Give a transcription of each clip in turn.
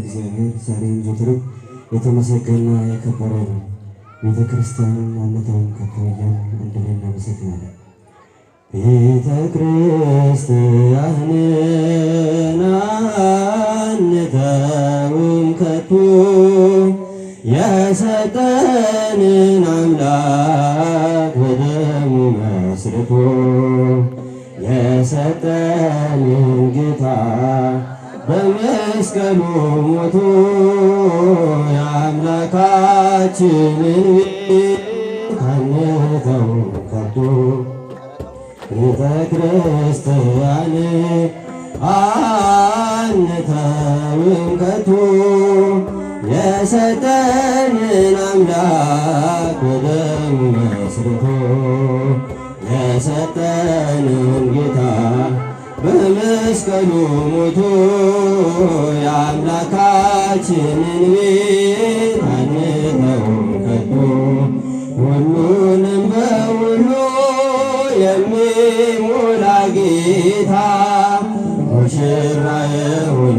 እግዚአብሔር ዛሬም ዘወትርም የተመሰገነ የከበረ ነው። ቤተ ክርስቲያንን አነታውን ከቶ አንድ ላይ እናመሰግናለን። ቤተ ክርስቲያንን ከቶ የሰጠንን አምላክ በደሙ መስርቶ የሰጠንን ጌታ በመስቀሉ ሞቱ የአምላካችንን ቤት አንተው ከቶ ቤተ ክርስቲያን አንተውም ከቶ የሰጠንን አምላክ በደም መስርቶ የሰጠንን ጌታ በመስቀሉ ሞቶ የአምላካችንን ቤት አንተውም ከቶ ሁሉንም በሁሉ የሚሞላ ጌታ ሙሽራ የሆነ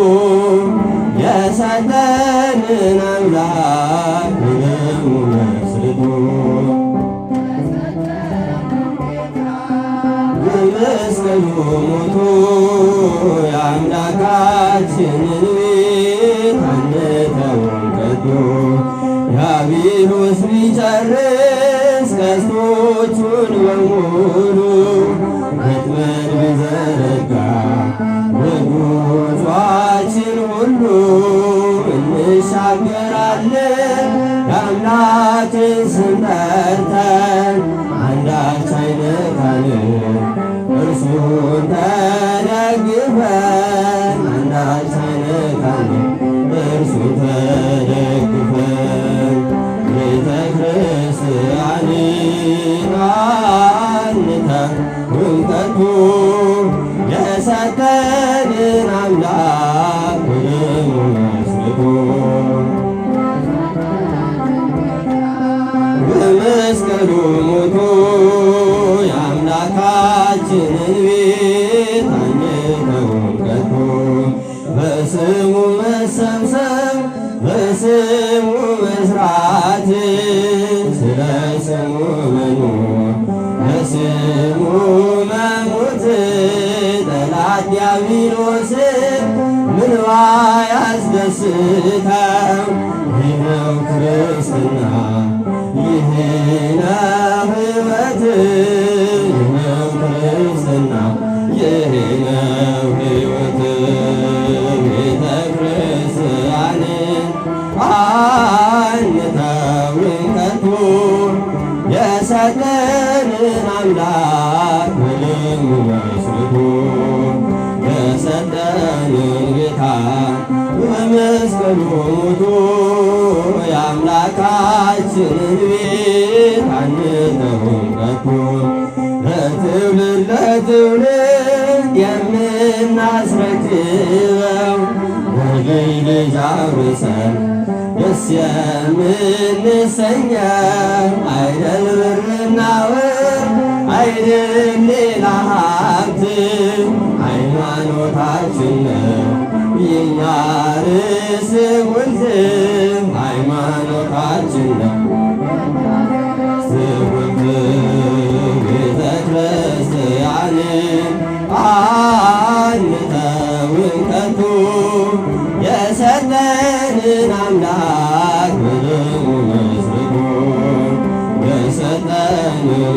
መስቀሉ ሞቶ የአምላካችንን ቤት አንተውም ከቶ ቢጨርስ ቀስቶቹን በሙሉ መጥመድ ቢዘረጋ በጉዟችን ሁሉ እንሻገራለን የአምላክን ስም ጠርተን አንዳች አይነት ተደግፈን አንዳች አይነካንም በእርሱ የሰጠ ዲያብሎስ ምንዋ ያስደስተው? ይህ ነው ክርስትና፣ ይህ ነው ሕይወት፣ ይህ ክርስትና፣ ይህ ነው ሕይወት። ቤተ ክርስቲያንን አንተውን ከቶ የሰጠንን አምላክ ምንም አይስቱ የሰጠን ጌታ በመስቀሉ የአምላካችንን ቤት አንተውም ከቶ ለትውልድ ለትውልድ የምናስረክበው ወልይ ልጅ አብሰን ደስ የምንሰኘው አይደል ብርና ወርቅ አይደል ሌላ አንተ ሃይማኖታችን ነው የኛ ርዕስ ሁልም ሃይማኖታችን ቤተ ክርስቲያን የሰጠንን አምላክ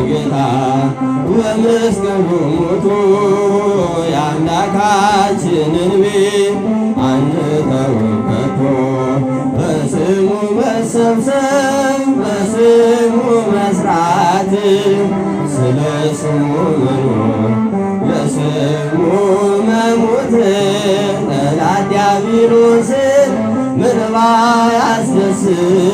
ጌታ በመስቀሉ ሞቶ የአምላካችንን ቤት አንተውም ከቶ በስሙ መሰብሰብ በስሙ መስራት ስለ ስሙ መኖር ለስሙ መሞት ጠላት ዲያብሎስን ምንባ ያስደስት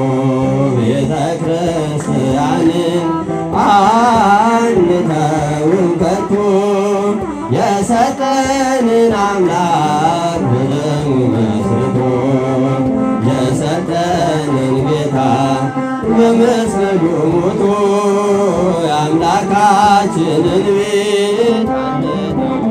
ራስን አምላክ ብለው መስርቶ የሰጠንን ጌታ በመስቀሉ ሞቶ የአምላካችንን ቤት